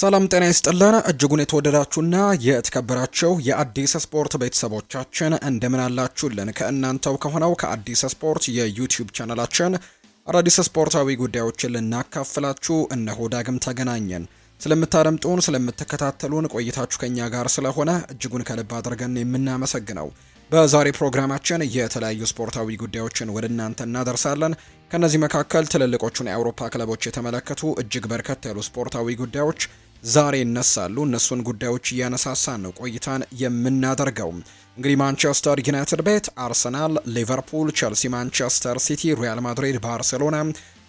ሰላም ጤና ይስጥልን እጅጉን የተወደዳችሁና የተከበራችሁ የአዲስ ስፖርት ቤተሰቦቻችን እንደምን አላችሁልን? ከእናንተው ከሆነው ከአዲስ ስፖርት የዩቲዩብ ቻናላችን አዳዲስ ስፖርታዊ ጉዳዮችን ልናካፍላችሁ እነሆ ዳግም ተገናኘን። ስለምታደምጡን፣ ስለምትከታተሉን ቆይታችሁ ከኛ ጋር ስለሆነ እጅጉን ከልብ አድርገን የምናመሰግነው በዛሬ ፕሮግራማችን የተለያዩ ስፖርታዊ ጉዳዮችን ወደ እናንተ እናደርሳለን። ከእነዚህ መካከል ትልልቆቹን የአውሮፓ ክለቦች የተመለከቱ እጅግ በርከት ያሉ ስፖርታዊ ጉዳዮች ዛሬ ይነሳሉ። እነሱን ጉዳዮች እያነሳሳን ነው ቆይታን የምናደርገው። እንግዲህ ማንቸስተር ዩናይትድ ቤት፣ አርሰናል፣ ሊቨርፑል፣ ቸልሲ፣ ማንቸስተር ሲቲ፣ ሪያል ማድሪድ፣ ባርሴሎና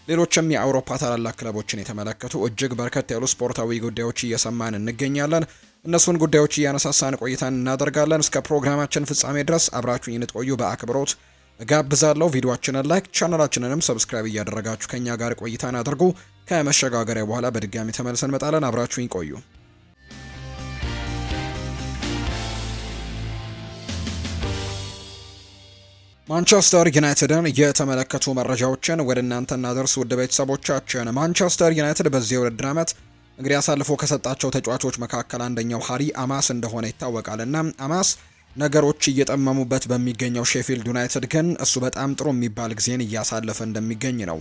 ሌሎችም የአውሮፓ ታላላቅ ክለቦችን የተመለከቱ እጅግ በርከት ያሉ ስፖርታዊ ጉዳዮች እየሰማን እንገኛለን። እነሱን ጉዳዮች እያነሳሳን ቆይታን እናደርጋለን። እስከ ፕሮግራማችን ፍጻሜ ድረስ አብራችሁኝ እንድትቆዩ በአክብሮት እጋብዛለሁ። ቪዲዮአችንን ላይክ ቻናላችንንም ሰብስክራይብ እያደረጋችሁ ከኛ ጋር ቆይታን አድርጉ። ከመሸጋገሪያ በኋላ በድጋሚ ተመልሰን እንመጣለን። አብራችሁኝ ቆዩ። ማንቸስተር ዩናይትድን የተመለከቱ መረጃዎችን ወደ እናንተ እናደርስ ውድ ቤተሰቦቻችን። ማንቸስተር ዩናይትድ በዚህ የውድድር ዓመት እንግዲህ አሳልፎ ከሰጣቸው ተጫዋቾች መካከል አንደኛው ሀሪ አማስ እንደሆነ ይታወቃል እና አማስ ነገሮች እየጠመሙበት በሚገኘው ሼፊልድ ዩናይትድ ግን እሱ በጣም ጥሩ የሚባል ጊዜን እያሳለፈ እንደሚገኝ ነው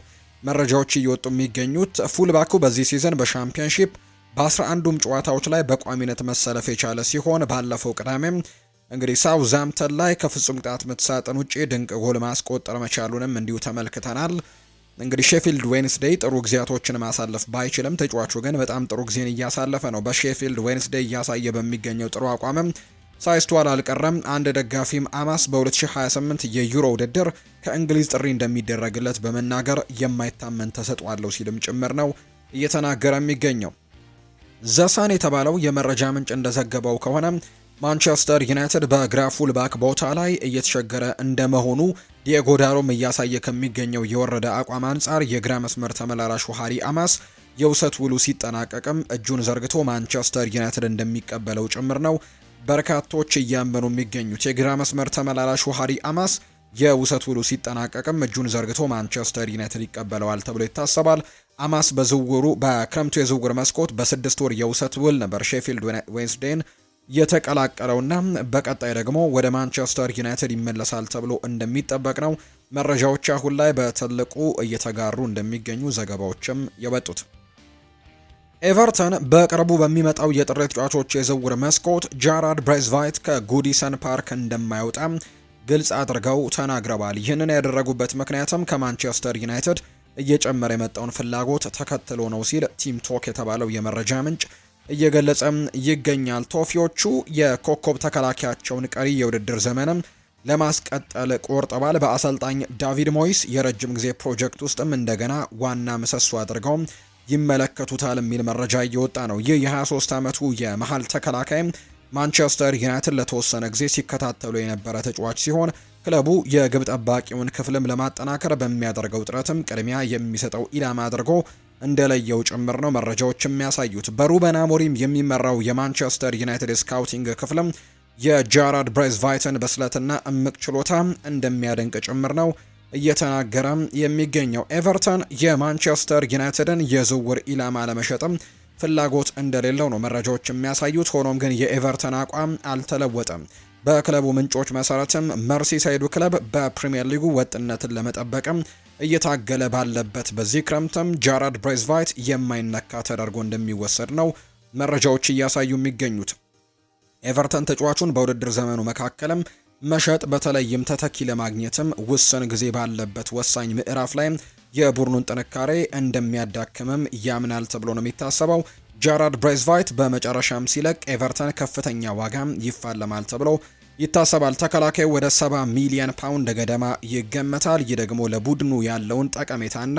መረጃዎች እየወጡ የሚገኙት። ፉልባኩ በዚህ ሲዘን በሻምፒዮንሺፕ በ11ዱም ጨዋታዎች ላይ በቋሚነት መሰለፍ የቻለ ሲሆን ባለፈው ቅዳሜም እንግዲህ ሳውዛምተን ላይ ከፍጹም ቅጣት ምት ሳጥን ውጪ ድንቅ ጎል ማስቆጠር መቻሉንም እንዲሁ ተመልክተናል። እንግዲህ ሼፊልድ ዌንስዴይ ጥሩ ጊዜያቶችን ማሳለፍ ባይችልም ተጫዋቹ ግን በጣም ጥሩ ጊዜን እያሳለፈ ነው። በሼፊልድ ዌንስዴይ እያሳየ በሚገኘው ጥሩ አቋምም ሳይስተዋል አልቀረም። አንድ ደጋፊም አማስ በ2028 የዩሮ ውድድር ከእንግሊዝ ጥሪ እንደሚደረግለት በመናገር የማይታመን ተሰጥኦ ሲልም ጭምር ነው እየተናገረ የሚገኘው። ዘሳን የተባለው የመረጃ ምንጭ እንደዘገበው ከሆነ ማንቸስተር ዩናይትድ በግራ ፉልባክ ቦታ ላይ እየተቸገረ እንደመሆኑ ዲየጎ ዳሮም እያሳየ ከሚገኘው የወረደ አቋም አንጻር የግራ መስመር ተመላላሹ ሃሪ አማስ የውሰት ውሉ ሲጠናቀቅም እጁን ዘርግቶ ማንቸስተር ዩናይትድ እንደሚቀበለው ጭምር ነው በርካቶች እያመኑ የሚገኙት የግራ መስመር ተመላላሹ ሃሪ አማስ የውሰት ውሉ ሲጠናቀቅም እጁን ዘርግቶ ማንቸስተር ዩናይትድ ይቀበለዋል ተብሎ ይታሰባል። አማስ በዝውውሩ በክረምቱ የዝውውር መስኮት በስድስት ወር የውሰት ውል ነበር ሼፊልድ ዌንስዴን የተቀላቀለውና በቀጣይ ደግሞ ወደ ማንቸስተር ዩናይትድ ይመለሳል ተብሎ እንደሚጠበቅ ነው መረጃዎች አሁን ላይ በትልቁ እየተጋሩ እንደሚገኙ ዘገባዎችም የወጡት። ኤቨርተን በቅርቡ በሚመጣው የጥሬት ተጫዋቾች የዝውውር መስኮት ጃራድ ብሬዝቫይት ከጉዲሰን ፓርክ እንደማይወጣ ግልጽ አድርገው ተናግረዋል። ይህንን ያደረጉበት ምክንያትም ከማንቸስተር ዩናይትድ እየጨመረ የመጣውን ፍላጎት ተከትሎ ነው ሲል ቲም ቶክ የተባለው የመረጃ ምንጭ እየገለጸም ይገኛል። ቶፊዎቹ የኮከብ ተከላካያቸውን ቀሪ የውድድር ዘመንም ለማስቀጠል ቆርጠዋል። በአሰልጣኝ ዳቪድ ሞይስ የረጅም ጊዜ ፕሮጀክት ውስጥም እንደገና ዋና ምሰሶ አድርገውም ይመለከቱታል የሚል መረጃ እየወጣ ነው። ይህ የ23 ዓመቱ የመሀል ተከላካይ ማንቸስተር ዩናይትድ ለተወሰነ ጊዜ ሲከታተሉ የነበረ ተጫዋች ሲሆን ክለቡ የግብ ጠባቂውን ክፍልም ለማጠናከር በሚያደርገው ጥረትም ቅድሚያ የሚሰጠው ኢላማ አድርጎ እንደለየው ጭምር ነው መረጃዎች የሚያሳዩት። በሩበን አሞሪም የሚመራው የማንቸስተር ዩናይትድ ስካውቲንግ ክፍልም የጃራድ ብሬዝቫይትን በስለትና እምቅ ችሎታ እንደሚያደንቅ ጭምር ነው እየተናገረ የሚገኘው ኤቨርተን የማንቸስተር ዩናይትድን የዝውውር ኢላማ ለመሸጥም ፍላጎት እንደሌለው ነው መረጃዎች የሚያሳዩት። ሆኖም ግን የኤቨርተን አቋም አልተለወጠም። በክለቡ ምንጮች መሰረትም መርሲሳይዱ ክለብ በፕሪምየር ሊጉ ወጥነትን ለመጠበቅም እየታገለ ባለበት በዚህ ክረምትም ጃራድ ብሬዝቫይት የማይነካ ተደርጎ እንደሚወሰድ ነው መረጃዎች እያሳዩ የሚገኙት። ኤቨርተን ተጫዋቹን በውድድር ዘመኑ መካከልም መሸጥ በተለይም ተተኪ ለማግኘትም ውስን ጊዜ ባለበት ወሳኝ ምዕራፍ ላይ የቡድኑን ጥንካሬ እንደሚያዳክምም ያምናል ተብሎ ነው የሚታሰበው። ጃራድ ብሬዝቫይት በመጨረሻም ሲለቅ ኤቨርተን ከፍተኛ ዋጋ ይፋለማል ተብሎ ይታሰባል። ተከላካዩ ወደ 70 ሚሊዮን ፓውንድ ገደማ ይገመታል። ይህ ደግሞ ለቡድኑ ያለውን ጠቀሜታና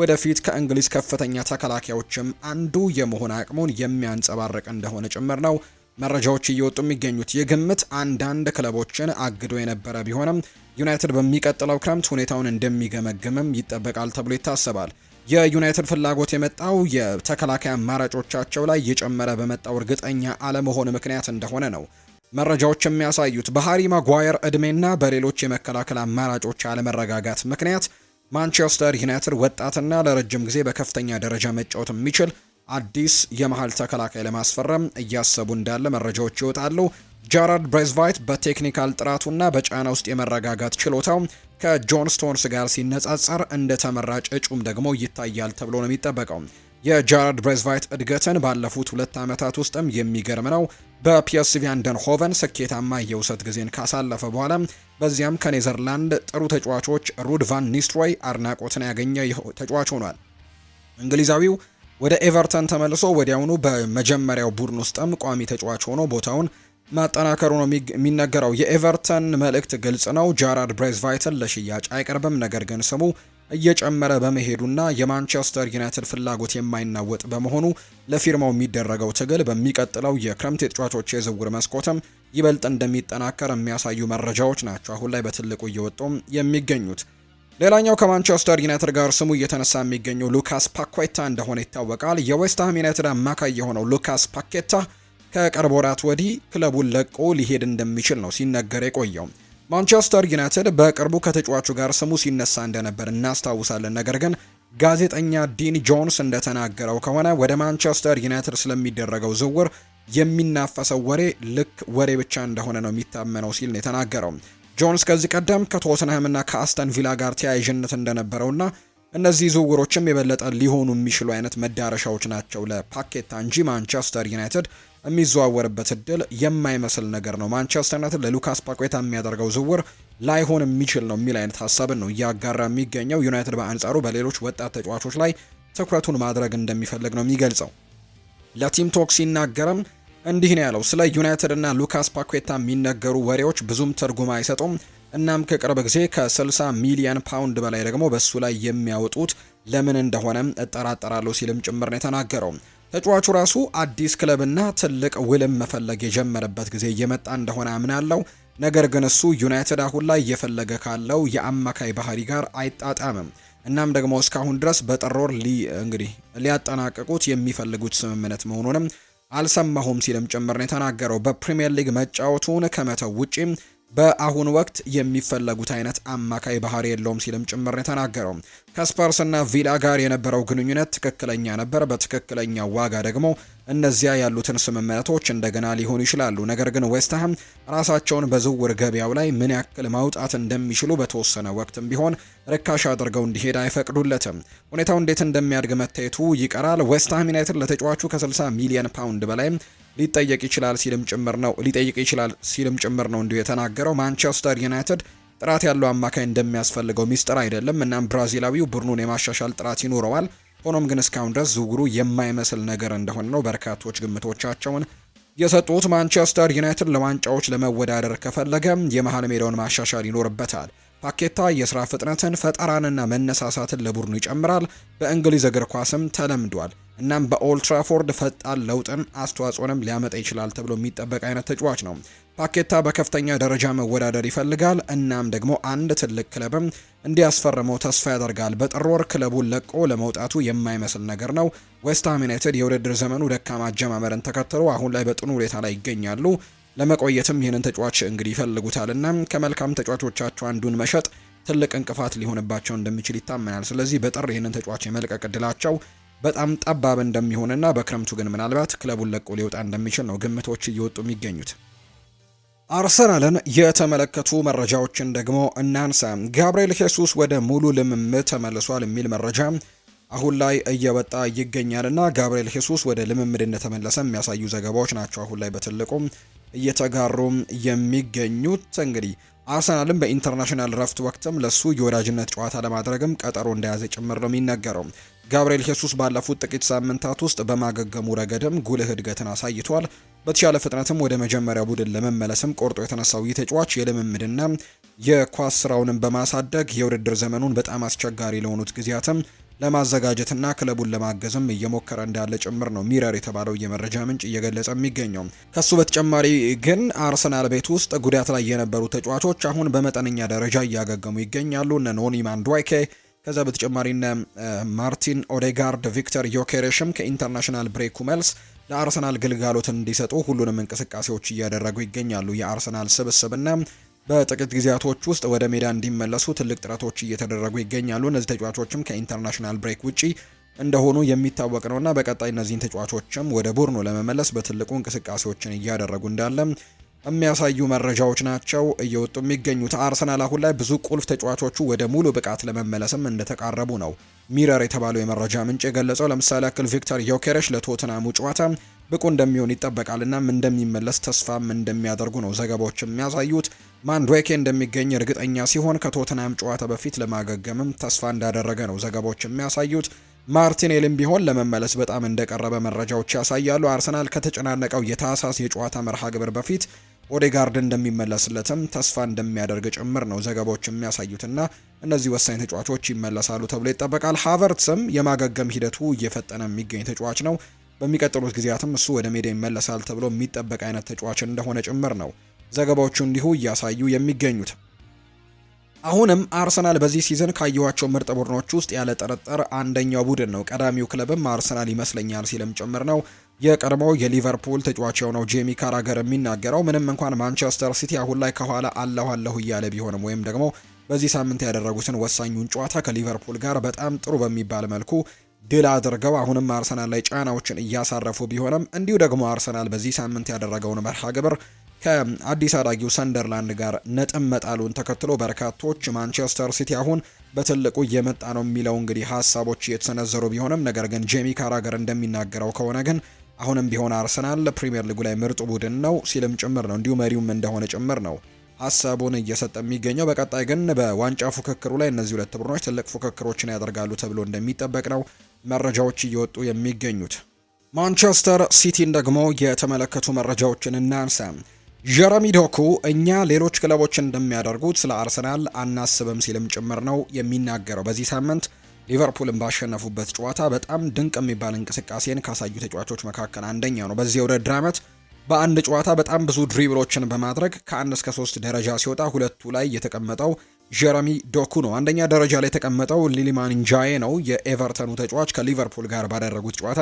ወደፊት ከእንግሊዝ ከፍተኛ ተከላካዮችም አንዱ የመሆን አቅሙን የሚያንጸባርቅ እንደሆነ ጭምር ነው መረጃዎች እየወጡ የሚገኙት። ይህ ግምት አንዳንድ ክለቦችን አግዶ የነበረ ቢሆንም ዩናይትድ በሚቀጥለው ክረምት ሁኔታውን እንደሚገመግምም ይጠበቃል ተብሎ ይታሰባል። የዩናይትድ ፍላጎት የመጣው የተከላካይ አማራጮቻቸው ላይ እየጨመረ በመጣው እርግጠኛ አለመሆን ምክንያት እንደሆነ ነው መረጃዎች የሚያሳዩት። በሃሪ ማጓየር እድሜና በሌሎች የመከላከል አማራጮች አለመረጋጋት ምክንያት ማንቸስተር ዩናይትድ ወጣትና ለረጅም ጊዜ በከፍተኛ ደረጃ መጫወት የሚችል አዲስ የመሀል ተከላካይ ለማስፈረም እያሰቡ እንዳለ መረጃዎች ይወጣሉ። ጃራርድ ብሬዝቫይት በቴክኒካል ጥራቱና በጫና ውስጥ የመረጋጋት ችሎታው ከጆን ስቶንስ ጋር ሲነጻጸር እንደ ተመራጭ እጩም ደግሞ ይታያል ተብሎ ነው የሚጠበቀው። የጃራርድ ብሬዝቫይት እድገትን ባለፉት ሁለት ዓመታት ውስጥም የሚገርም ነው። በፒኤስቪ አይንድሆቨን ስኬታማ የውሰት ጊዜን ካሳለፈ በኋላ በዚያም ከኔዘርላንድ ጥሩ ተጫዋቾች ሩድ ቫን ኒስትሮይ አድናቆትን ያገኘ ተጫዋች ሆኗል። እንግሊዛዊው ወደ ኤቨርተን ተመልሶ ወዲያውኑ በመጀመሪያው ቡድን ውስጥም ቋሚ ተጫዋች ሆኖ ቦታውን ማጠናከሩ ነው የሚነገረው። የኤቨርተን መልእክት ግልጽ ነው። ጃራድ ብሬዝቫይተን ለሽያጭ አይቀርብም። ነገር ግን ስሙ እየጨመረ በመሄዱና የማንቸስተር ዩናይትድ ፍላጎት የማይናወጥ በመሆኑ ለፊርማው የሚደረገው ትግል በሚቀጥለው የክረምት የተጫዋቾች የዝውውር መስኮትም ይበልጥ እንደሚጠናከር የሚያሳዩ መረጃዎች ናቸው አሁን ላይ በትልቁ እየወጡም የሚገኙት። ሌላኛው ከማንቸስተር ዩናይትድ ጋር ስሙ እየተነሳ የሚገኘው ሉካስ ፓኬታ እንደሆነ ይታወቃል። የዌስትሃም ዩናይትድ አማካይ የሆነው ሉካስ ፓኬታ ከቅርብ ወራት ወዲህ ክለቡን ለቆ ሊሄድ እንደሚችል ነው ሲነገር የቆየው። ማንቸስተር ዩናይትድ በቅርቡ ከተጫዋቹ ጋር ስሙ ሲነሳ እንደነበር እናስታውሳለን። ነገር ግን ጋዜጠኛ ዲን ጆንስ እንደተናገረው ከሆነ ወደ ማንቸስተር ዩናይትድ ስለሚደረገው ዝውውር የሚናፈሰው ወሬ ልክ ወሬ ብቻ እንደሆነ ነው የሚታመነው ሲል ነው የተናገረው። ጆንስ ከዚህ ቀደም ከቶተንሃምና ከአስተን ቪላ ጋር ተያያዥነት እንደነበረውና እነዚህ ዝውውሮችም የበለጠ ሊሆኑ የሚችሉ አይነት መዳረሻዎች ናቸው ለፓኬታ እንጂ ማንቸስተር ዩናይትድ የሚዘዋወርበት እድል የማይመስል ነገር ነው። ማንቸስተር ዩናይትድ ለሉካስ ፓኬታ የሚያደርገው ዝውውር ላይሆን የሚችል ነው የሚል አይነት ሀሳብን ነው እያጋራ የሚገኘው። ዩናይትድ በአንጻሩ በሌሎች ወጣት ተጫዋቾች ላይ ትኩረቱን ማድረግ እንደሚፈልግ ነው የሚገልጸው። ለቲም ቶክ ሲናገርም እንዲህ ነው ያለው። ስለ ዩናይትድ እና ሉካስ ፓኬታ የሚነገሩ ወሬዎች ብዙም ትርጉም አይሰጡም። እናም ከቅርብ ጊዜ ከ60 ሚሊዮን ፓውንድ በላይ ደግሞ በእሱ ላይ የሚያወጡት ለምን እንደሆነም እጠራጠራለሁ ሲልም ጭምር ነው የተናገረው። ተጫዋቹ ራሱ አዲስ ክለብና ትልቅ ውልም መፈለግ የጀመረበት ጊዜ እየመጣ እንደሆነ አምናለው። ነገር ግን እሱ ዩናይትድ አሁን ላይ እየፈለገ ካለው የአማካይ ባህሪ ጋር አይጣጣምም። እናም ደግሞ እስካሁን ድረስ በጥር ወር እንግዲህ ሊያጠናቅቁት የሚፈልጉት ስምምነት መሆኑንም አልሰማሁም ሲልም ጭምር ነው የተናገረው። በፕሪምየር ሊግ መጫወቱን ከመተው ውጪ በአሁን ወቅት የሚፈለጉት አይነት አማካይ ባህሪ የለውም ሲልም ጭምር ነው የተናገረው። ካስፓርስና ቪላ ጋር የነበረው ግንኙነት ትክክለኛ ነበር። በትክክለኛ ዋጋ ደግሞ እነዚያ ያሉትን ስምምነቶች እንደገና ሊሆኑ ይችላሉ። ነገር ግን ዌስትሃም ራሳቸውን በዝውውር ገበያው ላይ ምን ያክል ማውጣት እንደሚችሉ በተወሰነ ወቅትም ቢሆን ርካሽ አድርገው እንዲሄድ አይፈቅዱለትም። ሁኔታው እንዴት እንደሚያድግ መታየቱ ይቀራል። ዌስትሃም ዩናይትድ ለተጫዋቹ ከ60 ሚሊዮን ፓውንድ በላይ ሊጠየቅ ይችላል ሲልም ጭምር ነው ሊጠይቅ ይችላል ሲልም ጭምር ነው እንዲሁ የተናገረው ማንቸስተር ዩናይትድ ጥራት ያለው አማካይ እንደሚያስፈልገው ሚስጥር አይደለም። እናም ብራዚላዊው ቡድኑን የማሻሻል ጥራት ይኖረዋል። ሆኖም ግን እስካሁን ድረስ ዝውውሩ የማይመስል ነገር እንደሆነ ነው በርካቶች ግምቶቻቸውን የሰጡት። ማንቸስተር ዩናይትድ ለዋንጫዎች ለመወዳደር ከፈለገ የመሀል ሜዳውን ማሻሻል ይኖርበታል። ፓኬታ የስራ ፍጥነትን ፈጠራንና መነሳሳትን ለቡድኑ ይጨምራል። በእንግሊዝ እግር ኳስም ተለምዷል። እናም በኦልትራፎርድ ፈጣን ለውጥን አስተዋጽኦንም ሊያመጣ ይችላል ተብሎ የሚጠበቅ አይነት ተጫዋች ነው። ፓኬታ በከፍተኛ ደረጃ መወዳደር ይፈልጋል። እናም ደግሞ አንድ ትልቅ ክለብም እንዲያስፈርመው ተስፋ ያደርጋል። በጥር ወር ክለቡን ለቆ ለመውጣቱ የማይመስል ነገር ነው። ዌስትሃም ዩናይትድ የውድድር ዘመኑ ደካማ አጀማመርን ተከትሎ አሁን ላይ በጥኑ ሁኔታ ላይ ይገኛሉ። ለመቆየትም ይህንን ተጫዋች እንግዲህ ይፈልጉታልና ከመልካም ተጫዋቾቻቸው አንዱን መሸጥ ትልቅ እንቅፋት ሊሆንባቸው እንደሚችል ይታመናል። ስለዚህ በጥር ይህንን ተጫዋች የመልቀቅ እድላቸው በጣም ጠባብ እንደሚሆንና በክረምቱ ግን ምናልባት ክለቡን ለቆ ሊወጣ እንደሚችል ነው ግምቶች እየወጡ የሚገኙት። አርሰናልን የተመለከቱ መረጃዎችን ደግሞ እናንሳ። ጋብርኤል ሄሱስ ወደ ሙሉ ልምምድ ተመልሷል የሚል መረጃ አሁን ላይ እየወጣ ይገኛልና ጋብርኤል ሄሱስ ወደ ልምምድ እንደተመለሰ የሚያሳዩ ዘገባዎች ናቸው አሁን ላይ በትልቁም እየተጋሩ የሚገኙት እንግዲህ አርሰናልም በኢንተርናሽናል ረፍት ወቅትም ለሱ የወዳጅነት ጨዋታ ለማድረግም ቀጠሮ እንደያዘ ጭምር ነው የሚነገረው። ጋብርኤል ሄሱስ ባለፉት ጥቂት ሳምንታት ውስጥ በማገገሙ ረገድም ጉልህ እድገትን አሳይቷል። በተሻለ ፍጥነትም ወደ መጀመሪያ ቡድን ለመመለስም ቆርጦ የተነሳው ይህ ተጫዋች የልምምድና የኳስ ስራውንም በማሳደግ የውድድር ዘመኑን በጣም አስቸጋሪ ለሆኑት ጊዜያትም ለማዘጋጀትና ክለቡን ለማገዝም እየሞከረ እንዳለ ጭምር ነው ሚረር የተባለው የመረጃ ምንጭ እየገለጸ የሚገኘው። ከሱ በተጨማሪ ግን አርሰናል ቤት ውስጥ ጉዳት ላይ የነበሩ ተጫዋቾች አሁን በመጠነኛ ደረጃ እያገገሙ ይገኛሉ። እነ ኖኒ ማንድዋይኬ ከዛ በተጨማሪ እነ ማርቲን ኦዴጋርድ፣ ቪክተር ዮኬሬሽም ከኢንተርናሽናል ብሬኩ መልስ ለአርሰናል ግልጋሎት እንዲሰጡ ሁሉንም እንቅስቃሴዎች እያደረጉ ይገኛሉ። የአርሰናል ስብስብና በጥቂት ጊዜያቶች ውስጥ ወደ ሜዳ እንዲመለሱ ትልቅ ጥረቶች እየተደረጉ ይገኛሉ። እነዚህ ተጫዋቾችም ከኢንተርናሽናል ብሬክ ውጪ እንደሆኑ የሚታወቅ ነውና በቀጣይ እነዚህን ተጫዋቾችም ወደ ቡድኑ ለመመለስ በትልቁ እንቅስቃሴዎችን እያደረጉ እንዳለ የሚያሳዩ መረጃዎች ናቸው እየወጡ የሚገኙት። አርሰናል አሁን ላይ ብዙ ቁልፍ ተጫዋቾቹ ወደ ሙሉ ብቃት ለመመለስም እንደተቃረቡ ነው ሚረር የተባለው የመረጃ ምንጭ የገለጸው። ለምሳሌ ያክል ቪክተር ዮኬረሽ ለቶትናሙ ጨዋታ ብቁ እንደሚሆን ይጠበቃልና እንደሚመለስ ተስፋም እንደሚያደርጉ ነው ዘገባዎች የሚያሳዩት። ማንድዌኬ እንደሚገኝ እርግጠኛ ሲሆን ከቶትናም ጨዋታ በፊት ለማገገምም ተስፋ እንዳደረገ ነው ዘገባዎች የሚያሳዩት። ማርቲኔልም ቢሆን ለመመለስ በጣም እንደቀረበ መረጃዎች ያሳያሉ። አርሰናል ከተጨናነቀው የታህሳስ የጨዋታ መርሃ ግብር በፊት ኦዴጋርድ እንደሚመለስለትም ተስፋ እንደሚያደርግ ጭምር ነው ዘገባዎች የሚያሳዩትና እነዚህ ወሳኝ ተጫዋቾች ይመለሳሉ ተብሎ ይጠበቃል። ሃቨርትስም የማገገም ሂደቱ እየፈጠነ የሚገኝ ተጫዋች ነው። በሚቀጥሉት ጊዜያትም እሱ ወደ ሜዳ ይመለሳል ተብሎ የሚጠበቅ አይነት ተጫዋች እንደሆነ ጭምር ነው ዘገባዎቹ እንዲሁ እያሳዩ የሚገኙት። አሁንም አርሰናል በዚህ ሲዝን ካየኋቸው ምርጥ ቡድኖች ውስጥ ያለ ጥርጥር አንደኛው ቡድን ነው። ቀዳሚው ክለብም አርሰናል ይመስለኛል ሲልም ጭምር ነው የቀድሞው የሊቨርፑል ተጫዋች የሆነው ጄሚ ካራገር የሚናገረው። ምንም እንኳን ማንቸስተር ሲቲ አሁን ላይ ከኋላ አለሁ አለሁ እያለ ቢሆንም ወይም ደግሞ በዚህ ሳምንት ያደረጉትን ወሳኙን ጨዋታ ከሊቨርፑል ጋር በጣም ጥሩ በሚባል መልኩ ድል አድርገው አሁንም አርሰናል ላይ ጫናዎችን እያሳረፉ ቢሆንም እንዲሁ ደግሞ አርሰናል በዚህ ሳምንት ያደረገውን መርሃ ግብር ከአዲስ አዳጊው ሰንደርላንድ ጋር ነጥብ መጣሉን ተከትሎ በርካቶች ማንቸስተር ሲቲ አሁን በትልቁ እየመጣ ነው የሚለው እንግዲህ ሀሳቦች እየተሰነዘሩ ቢሆንም ነገር ግን ጄሚ ካራገር እንደሚናገረው ከሆነ ግን አሁንም ቢሆን አርሰናል ፕሪምየር ሊጉ ላይ ምርጡ ቡድን ነው ሲልም ጭምር ነው እንዲሁ መሪውም እንደሆነ ጭምር ነው ሀሳቡን እየሰጠ የሚገኘው። በቀጣይ ግን በዋንጫ ፉክክሩ ላይ እነዚህ ሁለት ቡድኖች ትልቅ ፉክክሮችን ያደርጋሉ ተብሎ እንደሚጠበቅ ነው መረጃዎች እየወጡ የሚገኙት። ማንቸስተር ሲቲን ደግሞ የተመለከቱ መረጃዎችን እናንሳ። ጀረሚ ዶኩ እኛ ሌሎች ክለቦች እንደሚያደርጉት ስለ አርሰናል አናስብም ሲልም ጭምር ነው የሚናገረው። በዚህ ሳምንት ሊቨርፑልን ባሸነፉበት ጨዋታ በጣም ድንቅ የሚባል እንቅስቃሴን ካሳዩ ተጫዋቾች መካከል አንደኛው ነው። በዚህ የውድድር ዓመት በአንድ ጨዋታ በጣም ብዙ ድሪብሎችን በማድረግ ከአንድ እስከ ሶስት ደረጃ ሲወጣ ሁለቱ ላይ የተቀመጠው ጀረሚ ዶኩ ነው። አንደኛ ደረጃ ላይ የተቀመጠው ሊሊማን ነው። የኤቨርተኑ ተጫዋች ከሊቨርፑል ጋር ባደረጉት ጨዋታ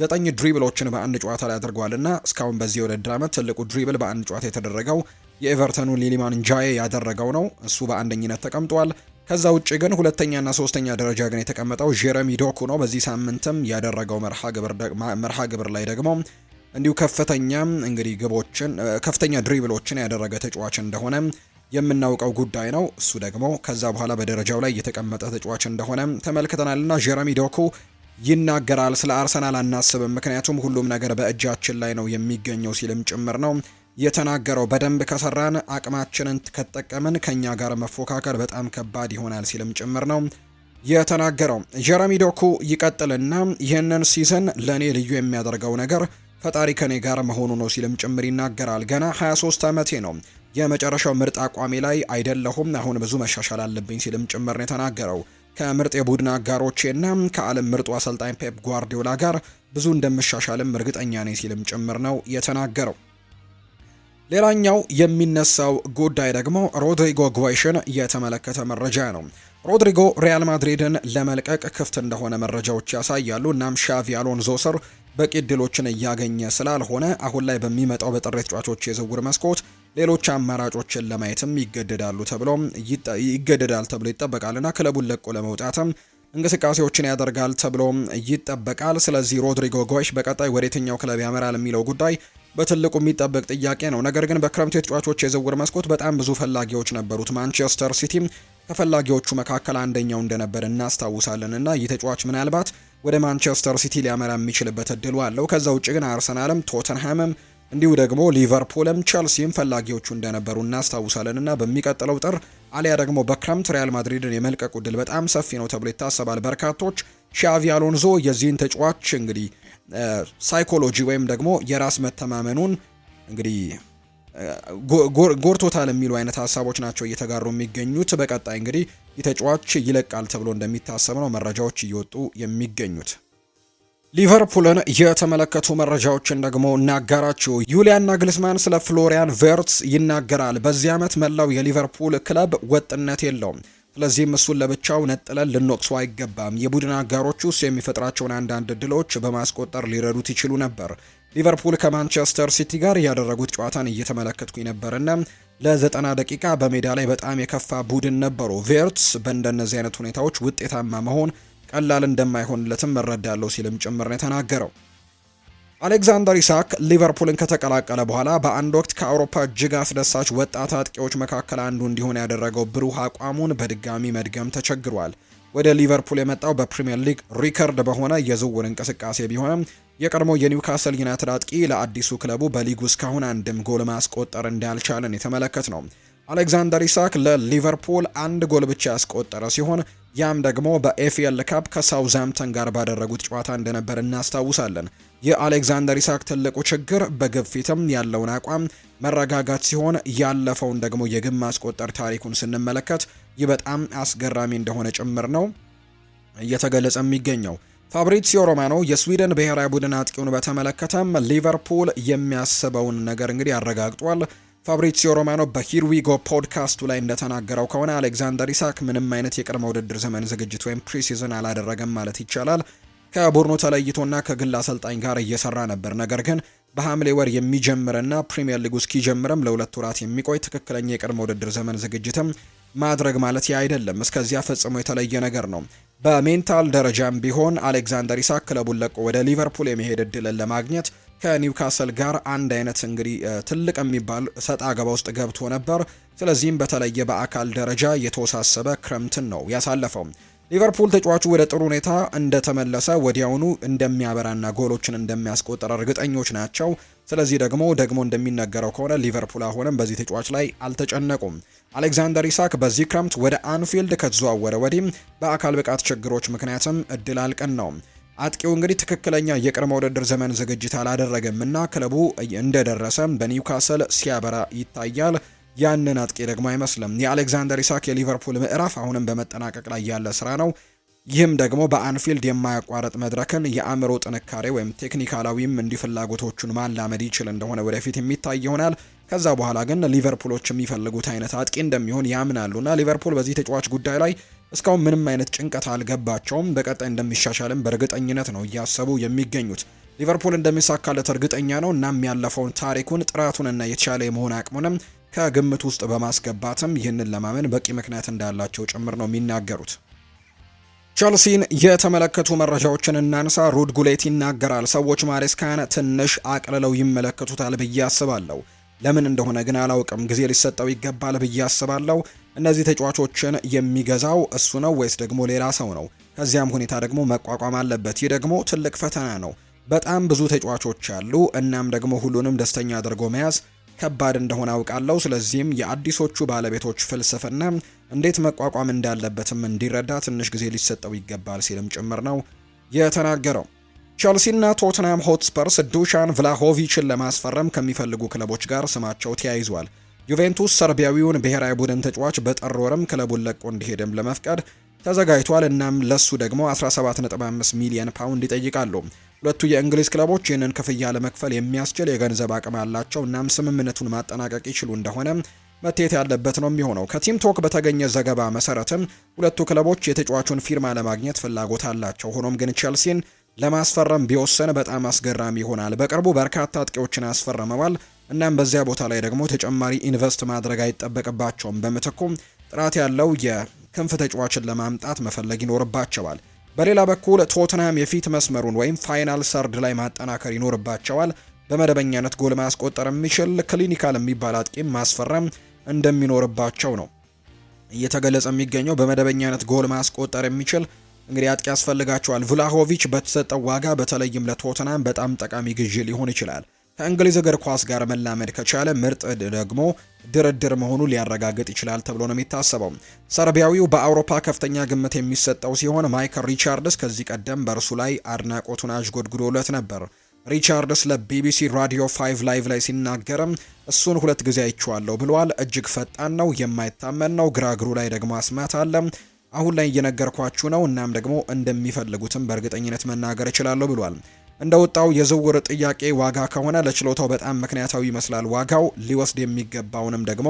ዘጠኝ ድሪብሎችን በአንድ ጨዋታ ላይ አድርጓልና እስካሁን በዚህ የውድድር ዓመት ትልቁ ድሪብል በአንድ ጨዋታ የተደረገው የኤቨርተኑ ሊሊማን ጃዬ ያደረገው ነው። እሱ በአንደኝነት ተቀምጧል። ከዛ ውጭ ግን ሁለተኛና ሶስተኛ ደረጃ ግን የተቀመጠው ጀረሚ ዶኩ ነው። በዚህ ሳምንትም ያደረገው መርሃ ግብር ላይ ደግሞ እንዲሁ ከፍተኛ እንግዲህ ግቦችን ከፍተኛ ድሪብሎችን ያደረገ ተጫዋች እንደሆነ የምናውቀው ጉዳይ ነው። እሱ ደግሞ ከዛ በኋላ በደረጃው ላይ የተቀመጠ ተጫዋች እንደሆነ ተመልክተናል። እና ጀረሚ ዶኩ ይናገራል። ስለ አርሰናል አናስብም፣ ምክንያቱም ሁሉም ነገር በእጃችን ላይ ነው የሚገኘው ሲልም ጭምር ነው የተናገረው። በደንብ ከሰራን፣ አቅማችንን ከጠቀምን ከእኛ ጋር መፎካከር በጣም ከባድ ይሆናል ሲልም ጭምር ነው የተናገረው። ጀረሚ ዶኩ ይቀጥልና ይህንን ሲዝን ለእኔ ልዩ የሚያደርገው ነገር ፈጣሪ ከኔ ጋር መሆኑ ነው ሲልም ጭምር ይናገራል። ገና 23 ዓመቴ ነው። የመጨረሻው ምርጥ አቋሜ ላይ አይደለሁም። አሁን ብዙ መሻሻል አለብኝ ሲልም ጭምር ነው የተናገረው። ከምርጥ የቡድን አጋሮቼና ከዓለም ምርጡ አሰልጣኝ ፔፕ ጓርዲዮላ ጋር ብዙ እንደምሻሻልም እርግጠኛ ነኝ ሲልም ጭምር ነው የተናገረው። ሌላኛው የሚነሳው ጉዳይ ደግሞ ሮድሪጎ ጓይሽን የተመለከተ መረጃ ነው። ሮድሪጎ ሪያል ማድሪድን ለመልቀቅ ክፍት እንደሆነ መረጃዎች ያሳያሉ። እናም ሻቪ አሎንዞ ስር በቂ እድሎችን እያገኘ ስላልሆነ አሁን ላይ በሚመጣው በጥር ተጫዋቾች የዝውውር መስኮት ሌሎች አማራጮችን ለማየትም ይገደዳሉ ተብሎ ይገደዳል ተብሎ ይጠበቃልና ክለቡን ለቆ ለመውጣትም እንቅስቃሴዎችን ያደርጋል ተብሎ ይጠበቃል። ስለዚህ ሮድሪጎ ጎሽ በቀጣይ ወደ የትኛው ክለብ ያመራል የሚለው ጉዳይ በትልቁ የሚጠበቅ ጥያቄ ነው። ነገር ግን በክረምቱ የተጫዋቾች የዝውውር መስኮት በጣም ብዙ ፈላጊዎች ነበሩት። ማንቸስተር ሲቲ ከፈላጊዎቹ መካከል አንደኛው እንደነበር እናስታውሳለን እና ይህ ተጫዋች ምናልባት ወደ ማንቸስተር ሲቲ ሊያመራ የሚችልበት እድሉ አለው። ከዛ ውጭ ግን አርሰናልም ቶተንሃምም እንዲሁ ደግሞ ሊቨርፑልም ቸልሲም ፈላጊዎቹ እንደነበሩ እናስታውሳለን እና በሚቀጥለው ጥር አሊያ ደግሞ በክረምት ሪያል ማድሪድን የመልቀቁ ድል በጣም ሰፊ ነው ተብሎ ይታሰባል። በርካቶች ሻቪ አሎንዞ የዚህን ተጫዋች እንግዲህ ሳይኮሎጂ ወይም ደግሞ የራስ መተማመኑን እንግዲህ ጎርቶታል የሚሉ አይነት ሀሳቦች ናቸው እየተጋሩ የሚገኙት። በቀጣይ እንግዲህ የተጫዋች ይለቃል ተብሎ እንደሚታሰብ ነው መረጃዎች እየወጡ የሚገኙት። ሊቨርፑልን የተመለከቱ መረጃዎችን ደግሞ እናጋራችሁ። ዩሊያን ናግልስማን ስለ ፍሎሪያን ቨርትስ ይናገራል። በዚህ ዓመት መላው የሊቨርፑል ክለብ ወጥነት የለውም። ስለዚህም እሱን ለብቻው ነጥለን ልንወቅሱ አይገባም። የቡድን አጋሮች ውስጥ የሚፈጥራቸውን አንዳንድ ድሎች በማስቆጠር ሊረዱት ይችሉ ነበር። ሊቨርፑል ከማንቸስተር ሲቲ ጋር ያደረጉት ጨዋታን እየተመለከትኩኝ ነበርና ለ90 ደቂቃ በሜዳ ላይ በጣም የከፋ ቡድን ነበሩ። ቬርትስ በእንደነዚህ አይነት ሁኔታዎች ውጤታማ መሆን ቀላል እንደማይሆንለትም እረዳለሁ ሲልም ጭምር ነው የተናገረው። አሌክዛንደር ኢሳክ ሊቨርፑልን ከተቀላቀለ በኋላ በአንድ ወቅት ከአውሮፓ እጅግ አስደሳች ወጣት አጥቂዎች መካከል አንዱ እንዲሆን ያደረገው ብሩህ አቋሙን በድጋሚ መድገም ተቸግሯል። ወደ ሊቨርፑል የመጣው በፕሪምየር ሊግ ሪከርድ በሆነ የዝውውር እንቅስቃሴ ቢሆንም የቀድሞ የኒውካስል ዩናይትድ አጥቂ ለአዲሱ ክለቡ በሊጉ እስካሁን አንድም ጎል ማስቆጠር እንዳልቻለን የተመለከት ነው። አሌክዛንደር ኢሳክ ለሊቨርፑል አንድ ጎል ብቻ ያስቆጠረ ሲሆን ያም ደግሞ በኤፍኤል ካፕ ከሳውዛምፕተን ጋር ባደረጉት ጨዋታ እንደነበር እናስታውሳለን። የአሌክዛንደር ኢሳክ ትልቁ ችግር በግፊትም ያለውን አቋም መረጋጋት ሲሆን ያለፈውን ደግሞ የግብ ማስቆጠር ታሪኩን ስንመለከት ይህ በጣም አስገራሚ እንደሆነ ጭምር ነው እየተገለጸ የሚገኘው። ፋብሪሲዮ ሮማኖ የስዊድን ብሔራዊ ቡድን አጥቂውን በተመለከተም ሊቨርፑል የሚያስበውን ነገር እንግዲህ ያረጋግጧል። ፋብሪሲዮ ሮማኖ በሂርዊጎ ፖድካስቱ ላይ እንደተናገረው ከሆነ አሌክዛንደር ኢሳክ ምንም አይነት የቅድመ ውድድር ዘመን ዝግጅት ወይም ፕሪሲዝን አላደረገም ማለት ይቻላል። ከቡድኑ ተለይቶና ከግል አሰልጣኝ ጋር እየሰራ ነበር። ነገር ግን በሐምሌ ወር የሚጀምርና ፕሪምየር ሊጉ እስኪጀምርም ለሁለት ወራት የሚቆይ ትክክለኛ የቅድመ ውድድር ዘመን ዝግጅትም ማድረግ ማለት ያ አይደለም። እስከዚያ ፈጽሞ የተለየ ነገር ነው። በሜንታል ደረጃም ቢሆን አሌክዛንደር ኢሳክ ክለቡን ለቆ ወደ ሊቨርፑል የመሄድ እድልን ለማግኘት ከኒውካስል ጋር አንድ አይነት እንግዲህ ትልቅ የሚባል ሰጣ አገባ ውስጥ ገብቶ ነበር። ስለዚህም በተለየ በአካል ደረጃ የተወሳሰበ ክረምትን ነው ያሳለፈው። ሊቨርፑል ተጫዋቹ ወደ ጥሩ ሁኔታ እንደተመለሰ ወዲያውኑ እንደሚያበራና ጎሎችን እንደሚያስቆጠር እርግጠኞች ናቸው። ስለዚህ ደግሞ ደግሞ እንደሚነገረው ከሆነ ሊቨርፑል አሁንም በዚህ ተጫዋች ላይ አልተጨነቁም። አሌክዛንደር ኢሳክ በዚህ ክረምት ወደ አንፊልድ ከተዘዋወረ ወዲህ በአካል ብቃት ችግሮች ምክንያትም እድል አልቀን ነው አጥቂው እንግዲህ ትክክለኛ የቅድመ ውድድር ዘመን ዝግጅት አላደረገም እና ክለቡ እንደደረሰ በኒውካስል ሲያበራ ይታያል። ያንን አጥቂ ደግሞ አይመስልም። የአሌክዛንደር ኢሳክ የሊቨርፑል ምዕራፍ አሁንም በመጠናቀቅ ላይ ያለ ስራ ነው። ይህም ደግሞ በአንፊልድ የማያቋረጥ መድረክን የአእምሮ ጥንካሬ ወይም ቴክኒካላዊም እንዲህ ፍላጎቶቹን ማላመድ ይችል እንደሆነ ወደፊት የሚታይ ይሆናል። ከዛ በኋላ ግን ሊቨርፑሎች የሚፈልጉት አይነት አጥቂ እንደሚሆን ያምናሉና ሊቨርፑል በዚህ ተጫዋች ጉዳይ ላይ እስካሁን ምንም አይነት ጭንቀት አልገባቸውም። በቀጣይ እንደሚሻሻልም በእርግጠኝነት ነው እያሰቡ የሚገኙት። ሊቨርፑል እንደሚሳካለት እርግጠኛ ነው። እናም ያለፈውን ታሪኩን ጥራቱንና የተሻለ የመሆን አቅሙንም ከግምት ውስጥ በማስገባትም ይህንን ለማመን በቂ ምክንያት እንዳላቸው ጭምር ነው የሚናገሩት። ቸልሲን የተመለከቱ መረጃዎችን እናንሳ። ሩድ ጉሌት ይናገራል። ሰዎች ማሬስካን ትንሽ አቅልለው ይመለከቱታል ብዬ አስባለሁ ለምን እንደሆነ ግን አላውቅም። ጊዜ ሊሰጠው ይገባል ብዬ አስባለሁ። እነዚህ ተጫዋቾችን የሚገዛው እሱ ነው ወይስ ደግሞ ሌላ ሰው ነው? ከዚያም ሁኔታ ደግሞ መቋቋም አለበት። ይህ ደግሞ ትልቅ ፈተና ነው። በጣም ብዙ ተጫዋቾች አሉ። እናም ደግሞ ሁሉንም ደስተኛ አድርጎ መያዝ ከባድ እንደሆነ አውቃለሁ። ስለዚህም የአዲሶቹ ባለቤቶች ፍልስፍና እንዴት መቋቋም እንዳለበትም እንዲረዳ ትንሽ ጊዜ ሊሰጠው ይገባል ሲልም ጭምር ነው የተናገረው። ቸልሲና ቶትናም ሆትስፐርስ ዱሻን ቭላሆቪችን ለማስፈረም ከሚፈልጉ ክለቦች ጋር ስማቸው ተያይዟል። ዩቬንቱስ ሰርቢያዊውን ብሔራዊ ቡድን ተጫዋች በጥር ወርም ክለቡን ለቆ እንዲሄድም ለመፍቀድ ተዘጋጅቷል። እናም ለሱ ደግሞ 17.5 ሚሊዮን ፓውንድ ይጠይቃሉ። ሁለቱ የእንግሊዝ ክለቦች ይህንን ክፍያ ለመክፈል የሚያስችል የገንዘብ አቅም አላቸው። እናም ስምምነቱን ማጠናቀቅ ይችሉ እንደሆነ መታየት ያለበት ነው የሚሆነው። ከቲም ቶክ በተገኘ ዘገባ መሰረትም ሁለቱ ክለቦች የተጫዋቹን ፊርማ ለማግኘት ፍላጎት አላቸው። ሆኖም ግን ቸልሲን ለማስፈረም ቢወሰን በጣም አስገራሚ ይሆናል። በቅርቡ በርካታ አጥቂዎችን አስፈርመዋል። እናም በዚያ ቦታ ላይ ደግሞ ተጨማሪ ኢንቨስት ማድረግ አይጠበቅባቸውም። በምትኩም ጥራት ያለው የክንፍ ተጫዋችን ለማምጣት መፈለግ ይኖርባቸዋል። በሌላ በኩል ቶትንሃም የፊት መስመሩን ወይም ፋይናል ሰርድ ላይ ማጠናከር ይኖርባቸዋል። በመደበኛነት ጎል ማስቆጠር የሚችል ክሊኒካል የሚባል አጥቂም ማስፈረም እንደሚኖርባቸው ነው እየተገለጸ የሚገኘው። በመደበኛነት ጎል ማስቆጠር የሚችል እንግዲህ አጥቂ ያስፈልጋቸዋል። ቭላሆቪች በተሰጠው ዋጋ በተለይም ለቶትናም በጣም ጠቃሚ ግዢ ሊሆን ይችላል። ከእንግሊዝ እግር ኳስ ጋር መላመድ ከቻለ ምርጥ ደግሞ ድርድር መሆኑን ሊያረጋግጥ ይችላል ተብሎ ነው የሚታሰበው። ሰርቢያዊው በአውሮፓ ከፍተኛ ግምት የሚሰጠው ሲሆን ማይክል ሪቻርድስ ከዚህ ቀደም በእርሱ ላይ አድናቆቱን አዥጎድጉዶለት ነበር። ሪቻርድስ ለቢቢሲ ራዲዮ 5 ላይቭ ላይ ሲናገርም እሱን ሁለት ጊዜ አይቼዋለሁ ብለዋል። እጅግ ፈጣን ነው፣ የማይታመን ነው፣ ግራ እግሩ ላይ ደግሞ አስማት አለም አሁን ላይ እየነገርኳችሁ ነው። እናም ደግሞ እንደሚፈልጉትም በእርግጠኝነት መናገር እችላለሁ ብሏል። እንደወጣው የዝውውር ጥያቄ ዋጋ ከሆነ ለችሎታው በጣም ምክንያታዊ ይመስላል። ዋጋው ሊወስድ የሚገባውንም ደግሞ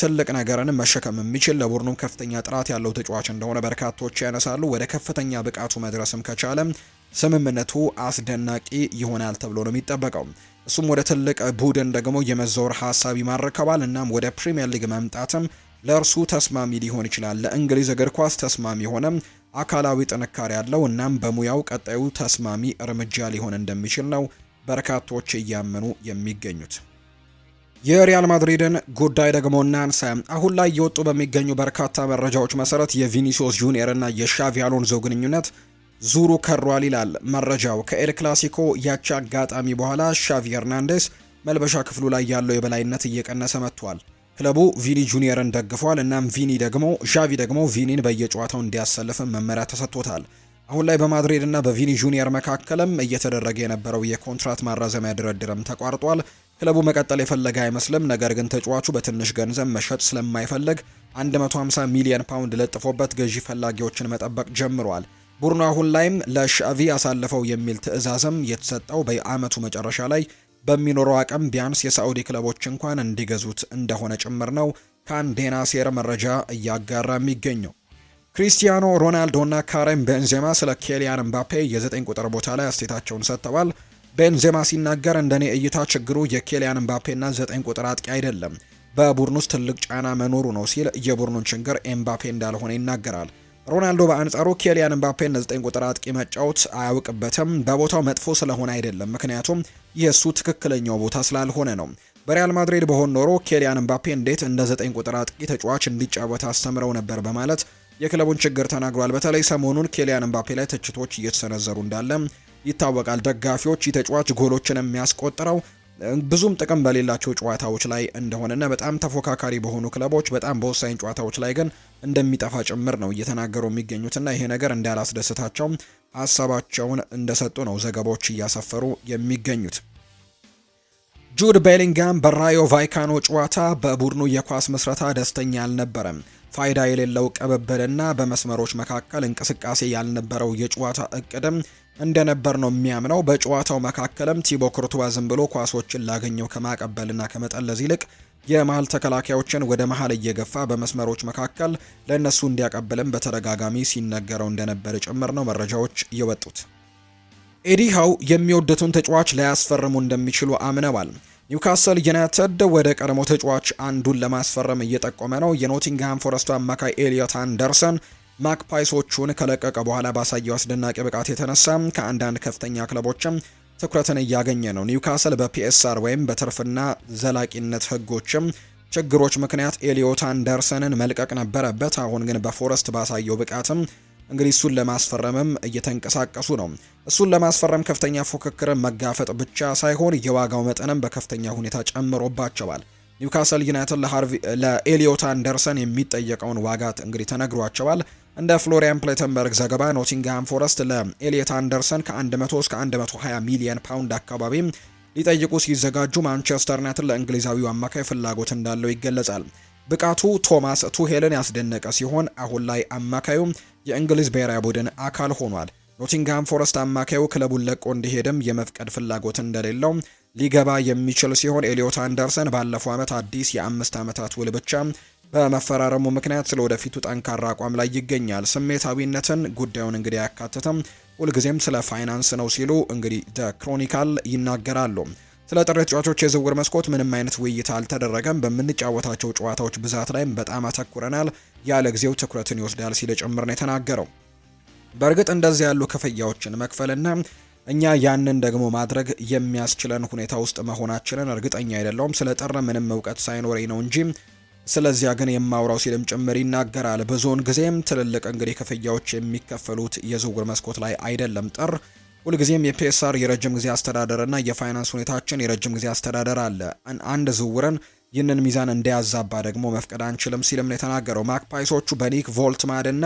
ትልቅ ነገርን መሸከም የሚችል ለቡድኑም ከፍተኛ ጥራት ያለው ተጫዋች እንደሆነ በርካቶች ያነሳሉ። ወደ ከፍተኛ ብቃቱ መድረስም ከቻለም ስምምነቱ አስደናቂ ይሆናል ተብሎ ነው የሚጠበቀው። እሱም ወደ ትልቅ ቡድን ደግሞ የመዘወር ሀሳብ ይማርከዋል። እናም ወደ ፕሪምየር ሊግ መምጣትም ለእርሱ ተስማሚ ሊሆን ይችላል። ለእንግሊዝ እግር ኳስ ተስማሚ ሆነ አካላዊ ጥንካሬ ያለው እናም በሙያው ቀጣዩ ተስማሚ እርምጃ ሊሆን እንደሚችል ነው በርካቶች እያመኑ የሚገኙት። የሪያል ማድሪድን ጉዳይ ደግሞ እናንሳ። አሁን ላይ የወጡ በሚገኙ በርካታ መረጃዎች መሰረት የቪኒሲዮስ ጁኒየር እና የሻቪ አሎንዞ ግንኙነት ዙሩ ከሯል ይላል መረጃው። ከኤል ክላሲኮ ያቻ አጋጣሚ በኋላ ሻቪ ሄርናንዴስ መልበሻ ክፍሉ ላይ ያለው የበላይነት እየቀነሰ መጥቷል። ክለቡ ቪኒ ጁኒየርን ደግፏል። እናም ቪኒ ደግሞ ዣቪ ደግሞ ቪኒን በየጨዋታው እንዲያሰልፍም መመሪያ ተሰጥቶታል። አሁን ላይ በማድሪድ እና በቪኒ ጁኒየር መካከልም እየተደረገ የነበረው የኮንትራት ማራዘሚያ ድርድርም ተቋርጧል። ክለቡ መቀጠል የፈለገ አይመስልም። ነገር ግን ተጫዋቹ በትንሽ ገንዘብ መሸጥ ስለማይፈልግ 150 ሚሊዮን ፓውንድ ለጥፎበት ገዢ ፈላጊዎችን መጠበቅ ጀምሯል። ቡድኑ አሁን ላይም ለሻቪ አሳልፈው የሚል ትዕዛዝም የተሰጠው በአመቱ መጨረሻ ላይ በሚኖረው አቅም ቢያንስ የሳዑዲ ክለቦች እንኳን እንዲገዙት እንደሆነ ጭምር ነው ከአንዴና ሴር መረጃ እያጋራ የሚገኘው። ክሪስቲያኖ ሮናልዶና ካሬም ቤንዜማ ስለ ኬሊያን ኤምባፔ የዘጠኝ ቁጥር ቦታ ላይ አስቴታቸውን ሰጥተዋል። ቤንዜማ ሲናገር እንደኔ እይታ ችግሩ የኬሊያን ኤምባፔና ዘጠኝ ቁጥር አጥቂ አይደለም፣ በቡድን ውስጥ ትልቅ ጫና መኖሩ ነው ሲል የቡድኑን ችግር ኤምባፔ እንዳልሆነ ይናገራል። ሮናልዶ በአንጻሩ ኬሊያን ምባፔን ዘጠኝ ቁጥር አጥቂ መጫወት አያውቅበትም። በቦታው መጥፎ ስለሆነ አይደለም፣ ምክንያቱም የእሱ ትክክለኛው ቦታ ስላልሆነ ነው። በሪያል ማድሪድ በሆን ኖሮ ኬሊያን ምባፔ እንዴት እንደ ዘጠኝ ቁጥር አጥቂ ተጫዋች እንዲጫወት አስተምረው ነበር በማለት የክለቡን ችግር ተናግሯል። በተለይ ሰሞኑን ኬሊያን ምባፔ ላይ ትችቶች እየተሰነዘሩ እንዳለ ይታወቃል። ደጋፊዎች ተጫዋች ጎሎችን የሚያስቆጥረው ብዙም ጥቅም በሌላቸው ጨዋታዎች ላይ እንደሆነና በጣም ተፎካካሪ በሆኑ ክለቦች በጣም በወሳኝ ጨዋታዎች ላይ ግን እንደሚጠፋ ጭምር ነው እየተናገሩ የሚገኙትና ይሄ ነገር እንዳላስደስታቸው ሀሳባቸውን እንደሰጡ ነው ዘገባዎች እያሰፈሩ የሚገኙት። ጁድ ቤሊንጋም በራዮ ቫይካኖ ጨዋታ በቡድኑ የኳስ ምስረታ ደስተኛ አልነበረም። ፋይዳ የሌለው ቅብብልና በመስመሮች መካከል እንቅስቃሴ ያልነበረው የጨዋታ እቅድም እንደነበር ነው የሚያምነው። በጨዋታው መካከልም ቲቦ ኩርቱዋ ዝም ብሎ ኳሶችን ላገኘው ከማቀበልና ከመጠለዝ ይልቅ የመሀል ተከላካዮችን ወደ መሀል እየገፋ በመስመሮች መካከል ለእነሱ እንዲያቀብልም በተደጋጋሚ ሲነገረው እንደነበር ጭምር ነው መረጃዎች የወጡት። ኤዲ ሃው የሚወደቱን ተጫዋች ላያስፈርሙ እንደሚችሉ አምነዋል። ኒውካስል ዩናይትድ ወደ ቀድሞ ተጫዋች አንዱን ለማስፈረም እየጠቆመ ነው። የኖቲንግሃም ፎረስቱ አማካይ ኤሊዮት አንደርሰን ማክፓይሶቹን ከለቀቀ በኋላ ባሳየው አስደናቂ ብቃት የተነሳ ከአንዳንድ ከፍተኛ ክለቦችም ትኩረትን እያገኘ ነው። ኒውካስል በፒኤስአር ወይም በትርፍና ዘላቂነት ህጎችም ችግሮች ምክንያት ኤሊዮት አንደርሰንን መልቀቅ ነበረበት። አሁን ግን በፎረስት ባሳየው ብቃትም እንግዲህ እሱን ለማስፈረምም እየተንቀሳቀሱ ነው። እሱን ለማስፈረም ከፍተኛ ፉክክርን መጋፈጥ ብቻ ሳይሆን የዋጋው መጠንም በከፍተኛ ሁኔታ ጨምሮባቸዋል። ኒውካስል ዩናይትድ ለኤሊዮት አንደርሰን የሚጠየቀውን ዋጋ እንግዲህ ተነግሯቸዋል። እንደ ፍሎሪያን ፕሌተንበርግ ዘገባ ኖቲንግሃም ፎረስት ለኤሊየት አንደርሰን ከ100 እስከ 120 ሚሊየን ፓውንድ አካባቢ ሊጠይቁ ሲዘጋጁ ማንቸስተር ዩናይትድ ለእንግሊዛዊው አማካይ ፍላጎት እንዳለው ይገለጻል። ብቃቱ ቶማስ ቱሄልን ያስደነቀ ሲሆን አሁን ላይ አማካዩ የእንግሊዝ ብሔራዊ ቡድን አካል ሆኗል። ኖቲንግሃም ፎረስት አማካዩ ክለቡን ለቆ እንዲሄድም የመፍቀድ ፍላጎት እንደሌለው ሊገባ የሚችል ሲሆን ኤሊዮት አንደርሰን ባለፈው ዓመት አዲስ የአምስት ዓመታት ውል ብቻ በመፈራረሙ ምክንያት ስለ ወደፊቱ ጠንካራ አቋም ላይ ይገኛል። ስሜታዊነትን ጉዳዩን እንግዲህ አያካትትም፣ ሁልጊዜም ስለ ፋይናንስ ነው ሲሉ እንግዲህ ደ ክሮኒካል ይናገራሉ። ስለ ጥሬ ተጫዋቾች የዝውውር መስኮት ምንም አይነት ውይይት አልተደረገም። በምንጫወታቸው ጨዋታዎች ብዛት ላይም በጣም አተኩረናል። ያለ ጊዜው ትኩረትን ይወስዳል ሲል ጭምር ነው የተናገረው። በእርግጥ እንደዚህ ያሉ ክፍያዎችን መክፈልና እኛ ያንን ደግሞ ማድረግ የሚያስችለን ሁኔታ ውስጥ መሆናችንን እርግጠኛ አይደለውም። ስለ ጥር ምንም እውቀት ሳይኖረኝ ነው እንጂ ስለዚያ ግን የማውራው ሲልም ጭምር ይናገራል። ብዙውን ጊዜም ትልልቅ እንግዲህ ክፍያዎች የሚከፈሉት የዝውውር መስኮት ላይ አይደለም። ጥር ሁልጊዜም የፒኤስአር የረጅም ጊዜ አስተዳደርና የፋይናንስ ሁኔታችን የረጅም ጊዜ አስተዳደር አለ። አንድ ዝውውርን ይህንን ሚዛን እንዳያዛባ ደግሞ መፍቀድ አንችልም ሲልም ነው የተናገረው። ማክፓይሶቹ በኒክ ቮልትማድ እና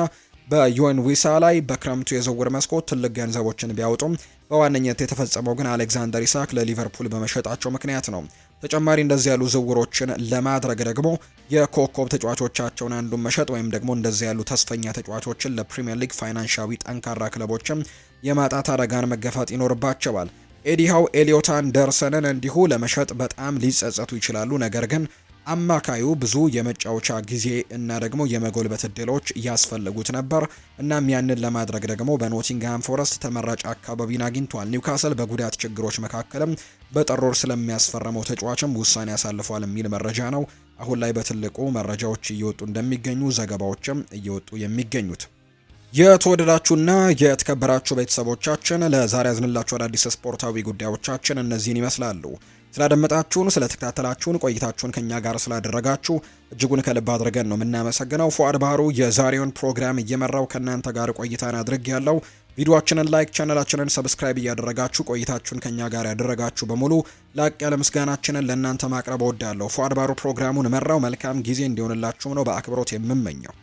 ዊሳ ላይ በክረምቱ የዝውውር መስኮት ትልቅ ገንዘቦችን ቢያወጡም በዋነኝነት የተፈጸመው ግን አሌክዛንደር ኢሳክ ለሊቨርፑል በመሸጣቸው ምክንያት ነው። ተጨማሪ እንደዚህ ያሉ ዝውሮችን ለማድረግ ደግሞ የኮከብ ተጫዋቾቻቸውን አንዱን መሸጥ ወይም ደግሞ እንደዚህ ያሉ ተስፈኛ ተጫዋቾችን ለፕሪምየር ሊግ ፋይናንሻዊ ጠንካራ ክለቦችም የማጣት አደጋን መገፋት ይኖርባቸዋል። ኤዲሃው ኤሊዮት አንደርሰንን እንዲሁ ለመሸጥ በጣም ሊጸጸቱ ይችላሉ። ነገር ግን አማካዩ ብዙ የመጫወቻ ጊዜ እና ደግሞ የመጎልበት እድሎች ያስፈልጉት ነበር። እናም ያንን ለማድረግ ደግሞ በኖቲንግሃም ፎረስት ተመራጭ አካባቢን አግኝቷል። ኒውካስል በጉዳት ችግሮች መካከልም በጠሮር ስለሚያስፈረመው ተጫዋችም ውሳኔ ያሳልፏል የሚል መረጃ ነው አሁን ላይ በትልቁ መረጃዎች እየወጡ እንደሚገኙ ዘገባዎችም እየወጡ የሚገኙት። የተወደዳችሁና የተከበራችሁ ቤተሰቦቻችን ለዛሬ ያዝንላችሁ አዳዲስ ስፖርታዊ ጉዳዮቻችን እነዚህን ይመስላሉ። ስላደመጣችሁን፣ ስለተከታተላችሁን፣ ቆይታችሁን ከኛ ጋር ስላደረጋችሁ እጅጉን ከልብ አድርገን ነው የምናመሰግነው። ፉአድ ባህሩ የዛሬውን ፕሮግራም እየመራው ከእናንተ ጋር ቆይታን አድርግ ያለው ቪዲዮችንን ላይክ ቻናላችንን ሰብስክራይብ እያደረጋችሁ ቆይታችሁን ከኛ ጋር ያደረጋችሁ በሙሉ ላቅ ያለ ምስጋናችንን ለእናንተ ማቅረብ እወዳለሁ። ባህሩ ፕሮግራሙን መራው። መልካም ጊዜ እንዲሆንላችሁም ነው በአክብሮት የምመኘው።